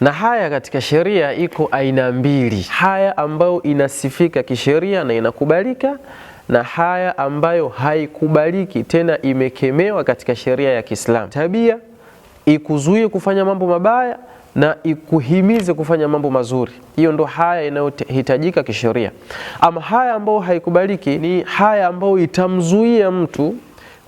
Na haya katika sheria iko aina mbili, haya ambayo inasifika kisheria na inakubalika na haya ambayo haikubaliki tena imekemewa katika sheria ya Kiislamu. Tabia ikuzuie kufanya mambo mabaya na ikuhimize kufanya mambo mazuri. Hiyo ndo haya inayohitajika kisheria. Ama haya ambayo haikubaliki ni haya ambayo itamzuia mtu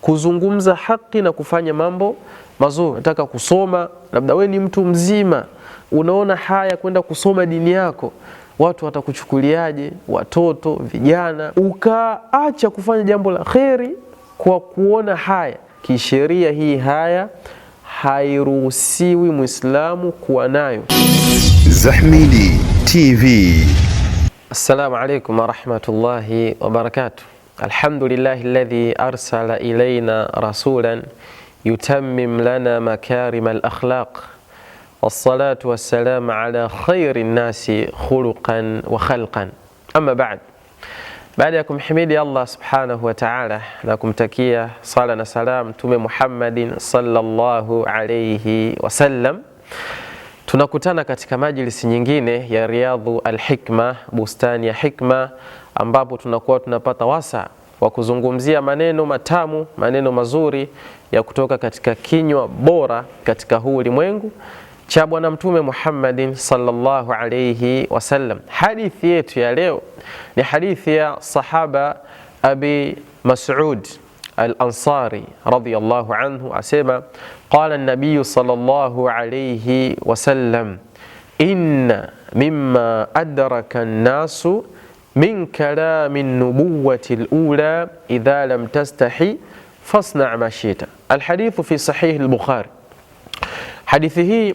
kuzungumza haki na kufanya mambo mazuri, nataka kusoma. Labda we ni mtu mzima, unaona haya kwenda kusoma dini yako, watu watakuchukuliaje? Watoto, vijana, ukaacha kufanya jambo la kheri kwa kuona haya. Kisheria hii haya hairuhusiwi Muislamu kuwa nayo. Zahmidi TV. Assalamu alaikum warahmatullahi wabarakatuh. Alhamdulillahi alladhi arsala ilaina rasulan يتمم لنا مكارم الأخلاق والصلاة والسلام على خير الناس خلقا وخلقا أما بعد baada ya kumhimidi Allah subhanahu wa ta'ala na kumtakia sala na salam Mtume Muhammadin sallallahu alayhi wasallam, tunakutana katika majlisi nyingine ya Riyadhu Alhikma, bustani ya hikma, ambapo tunakuwa tunapata wasa wa kuzungumzia maneno matamu, maneno mazuri ya kutoka katika kinywa bora katika huu ulimwengu cha Bwana Mtume Muhammadin sallallahu alayhi wasallam. Hadithi yetu ya leo ni hadithi ya sahaba Abi Mas'ud al-Ansari radhiyallahu anhu asema, qala an-nabiy sallallahu alayhi wasallam inna mimma adraka an-nasu min kalami nubuwati lula idha lam tastahi fasna ma shita. Alhadithu fi sahihi lbukhari. Hadithi hii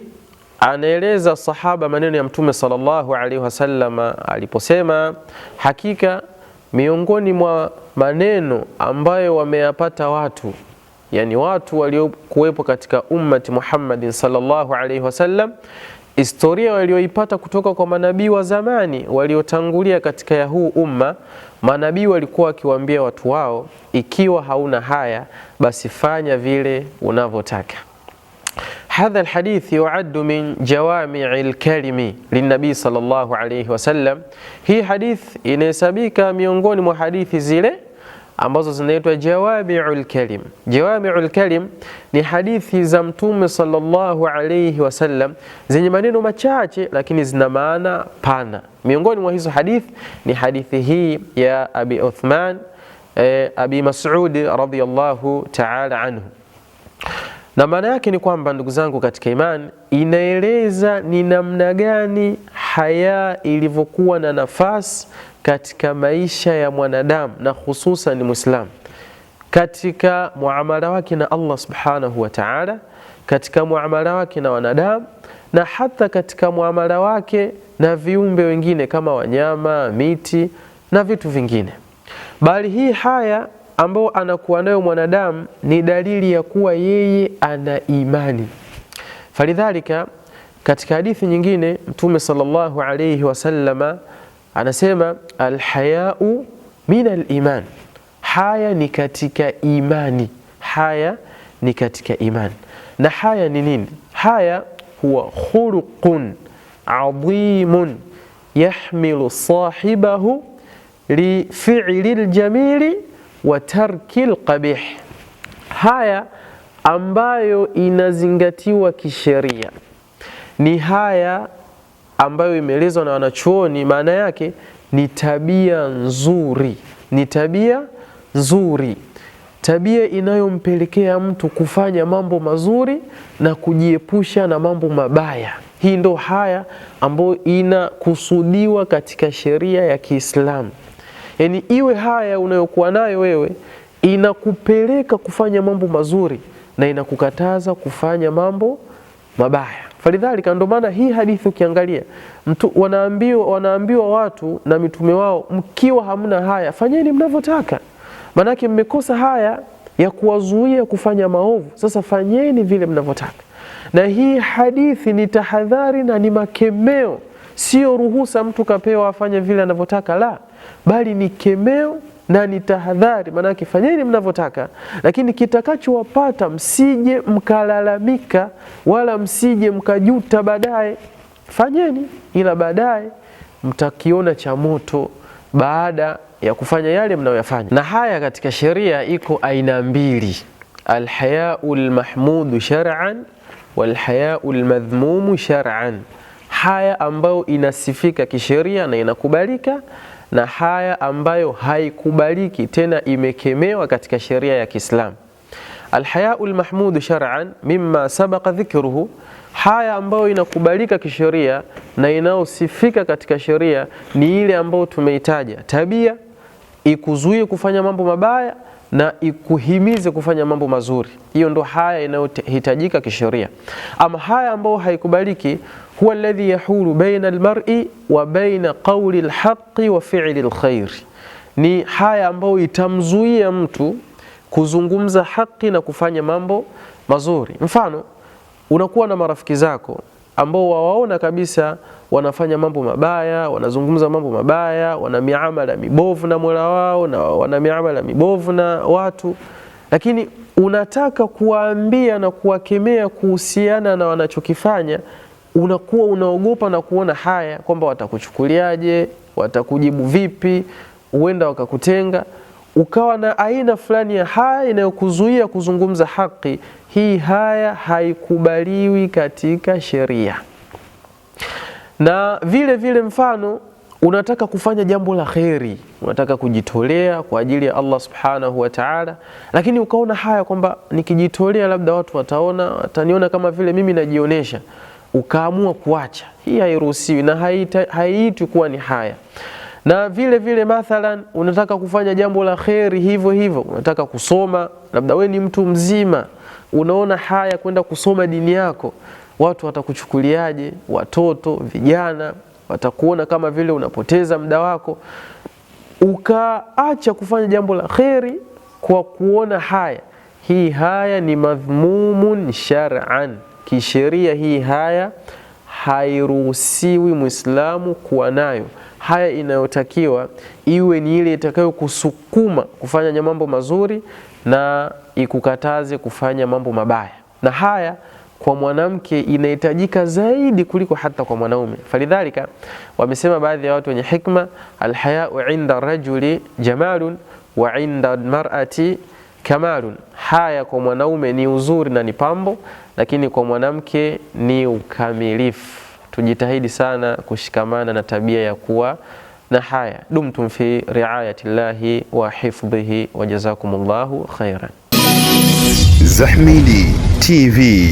anaeleza sahaba maneno ya Mtume sallallahu alaihi wasallam aliposema, hakika miongoni mwa maneno ambayo wameyapata watu yani watu waliokuwepo katika ummati Muhammadin sallallahu alaihi wasallam historia walioipata kutoka kwa manabii wa zamani waliotangulia katika ya huu umma. Manabii walikuwa wakiwaambia watu wao, ikiwa hauna haya basi fanya vile unavyotaka. Hadha alhadith yuaddu min jawamii alkalimi linabii sallallahu alayhi wasallam, hii hadithi inahesabika miongoni mwa hadithi zile ambazo zinaitwa jawami'ul kalim. Jawami'ul kalim ni hadithi za Mtume sallallahu alayhi wasallam zenye maneno machache lakini zina maana pana. Miongoni mwa hizo hadithi ni hadithi hii ya Abi Uthman eh, Abi Mas'ud radhiyallahu ta'ala anhu, na maana yake ni kwamba ndugu zangu katika imani, inaeleza ni namna gani haya ilivyokuwa na nafasi katika maisha ya mwanadamu na hususan Muislam, katika muamala wake na Allah subhanahu wa ta'ala, katika muamala wake na wanadamu na hata katika muamala wake na viumbe wengine kama wanyama, miti na vitu vingine. Bali hii haya ambayo anakuwa nayo mwanadamu ni dalili ya kuwa yeye ana imani. Falidhalika, katika hadithi nyingine Mtume sallallahu alayhi wasallama anasema alhayau min aliman, haya ni katika imani, haya ni katika imani. Na haya ni nini? Haya huwa khuluqun adhimun yahmilu sahibahu lifili ljamili wa tarki lqabih, haya ambayo inazingatiwa kisheria ni haya ambayo imeelezwa na wanachuoni, maana yake ni tabia nzuri, ni tabia nzuri, tabia inayompelekea mtu kufanya mambo mazuri na kujiepusha na mambo mabaya. Hii ndo haya ambayo inakusudiwa katika sheria ya Kiislamu, yaani iwe haya unayokuwa nayo wewe inakupeleka kufanya mambo mazuri na inakukataza kufanya mambo mabaya. Falidhalika, ndo maana hii hadithi ukiangalia mtu wanaambiwa, wanaambiwa watu na mitume wao, mkiwa hamna haya fanyeni mnavyotaka, maanake mmekosa haya ya kuwazuia kufanya maovu. Sasa fanyeni vile mnavyotaka. Na hii hadithi ni tahadhari na ni makemeo, sio ruhusa mtu kapewa afanye vile anavyotaka, la, bali ni kemeo na ni tahadhari, maanake fanyeni mnavyotaka, lakini kitakachowapata msije mkalalamika wala msije mkajuta baadaye. Fanyeni, ila baadaye mtakiona cha moto baada ya kufanya yale mnayoyafanya. Na haya katika sheria iko aina mbili, alhayau lmahmudu shar'an walhayau lmadhmumu shar'an haya ambayo inasifika kisheria na inakubalika na haya ambayo haikubaliki tena imekemewa katika sheria ya Kiislamu. Alhayau lmahmudu shar'an mimma sabaqa dhikruhu, haya ambayo inakubalika kisheria na inayosifika katika sheria ni ile ambayo tumeitaja: tabia ikuzuie kufanya mambo mabaya na ikuhimize kufanya mambo mazuri. Hiyo ndo haya inayohitajika kisheria. Ama haya ambayo haikubaliki, huwa alladhi yahulu baina almar'i wa baina qawli alhaqqi wa fi'li alkhairi, ni haya ambayo itamzuia mtu kuzungumza haki na kufanya mambo mazuri. Mfano, unakuwa na marafiki zako ambao wawaona kabisa wanafanya mambo mabaya, wanazungumza mambo mabaya, wana miamala mibovu na Mola wao na wana miamala mibovu na watu, lakini unataka kuwaambia na kuwakemea kuhusiana na wanachokifanya, unakuwa unaogopa na kuona haya kwamba watakuchukuliaje, watakujibu vipi, huenda wakakutenga ukawa na aina fulani ya haya inayokuzuia kuzungumza haki, hii haya haikubaliwi katika sheria. Na vile vile, mfano unataka kufanya jambo la kheri, unataka kujitolea kwa ajili ya Allah subhanahu wa ta'ala, lakini ukaona haya kwamba nikijitolea labda watu wataona, wataniona kama vile mimi najionyesha, ukaamua kuacha, hii hairuhusiwi na haiitwi kuwa ni haya na vile vile mathalan, unataka kufanya jambo la kheri, hivyo hivyo unataka kusoma, labda we ni mtu mzima, unaona haya kwenda kusoma dini yako, watu watakuchukuliaje? Watoto, vijana watakuona kama vile unapoteza muda wako, ukaacha kufanya jambo la kheri kwa kuona haya. Hii haya ni madhmumun shar'an, kisheria hii haya hairuhusiwi mwislamu kuwa nayo haya inayotakiwa iwe ni ile itakayokusukuma kufanya mambo mazuri na ikukataze kufanya mambo mabaya, na haya kwa mwanamke inahitajika zaidi kuliko hata kwa mwanaume. Falidhalika, wamesema baadhi ya watu wenye hikma, alhayau inda rajuli jamalun wa inda mar'ati kamalun, haya kwa mwanaume ni uzuri na ni pambo, lakini kwa mwanamke ni ukamilifu tujitahidi sana kushikamana na tabia ya kuwa na haya. Dumtum fi riayatillahi llahi wa hifdhihi wa jazakumullahu khairan. Zahmidi TV